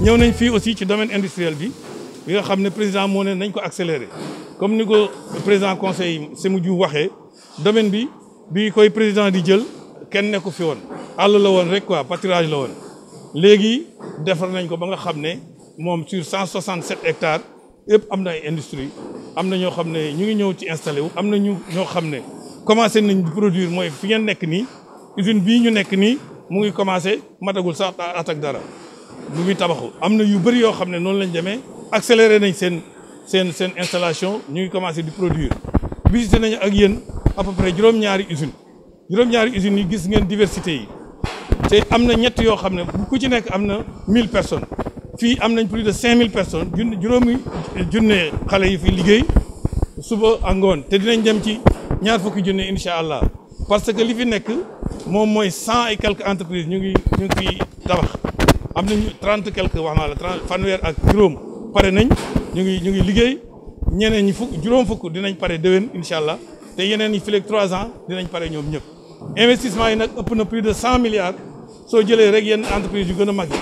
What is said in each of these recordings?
ñëw nañ fii aussi ci domaine industriel bi bi nga xam ne président moo ne nañ ko accéléré comme ni ko président conseil Sémou Diouf waxee domaine bi bi koy président di jël kenn nekku fi woon àll la woon rek quoi pâturage la woon léegi defar nañ ko ba nga xam ne moom sur 167 hectares yëpp am na ay industrie am na ñoo xam ne ñu ngi ñëw ci installé wu am na ñu ñoo xam ne commencé nañ di produire mooy fi ngeen nekk nii usine bii ñu nekk nii mu ngi commencé matagul sax at dara mu ngi tabaxu am na yu bëri yoo xam ne noonu lañ demee accéléré nañ seen seen seen installation ñu ngi commencé di produir visité nañu ak yéen à peu juróom-ñaari usines juróom-ñaari usines yi gis ngeen diversité yi te am na ñett yoo xam ne ku ci nekk am na 1000 personnes fii am nañ plus de 5000 personnes junni juróomi eh, junne xale yi fi liggéey suba ak ngoon te dinañ dem ci ñaar fukki junne incha allah parce que li fi nekk moom mooy cent et quelques entreprises ñu ngi ñu ngi fiy tabax. am nañu trente quelque wax naa la trente fanweer ak juróom pare nañ ñu ngi ñu liggéey ñeneen ñi fukk juróom fukk dinañ pare déwén incha allah te yeneen yi fileeg trois ans dinañ pare ñoom ñëpp investissement yi nag ëpp na plus de cent milliards soo jëlee rek yenn entreprise yu gën a mag yi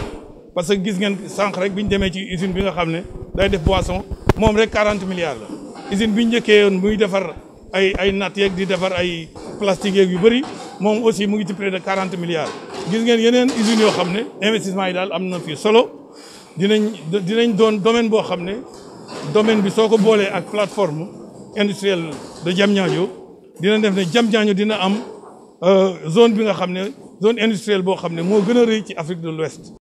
parce que gis ngeen sànq rek bi ñu demee ci usine bi nga xam ne day def boisson moom rek quarante milliards la usine bi ñu njëkkee muy defar ay ay natt yeeg di defar ay plastique yeeg yu bëri moom aussi mu ngi ci près de quarante gis ngeen yeneen usines yoo xam ne investissement yi daal am na fii solo dinañ dinañ doon domaine boo xam ne domaine bi soo ko boolee ak plateforme industrielle de Diamniadio dina def ne Diamniadio dina am euh, zone bi nga xam ne zone industrielle boo xam ne moo gën a rëy ci Afrique de l'Ouest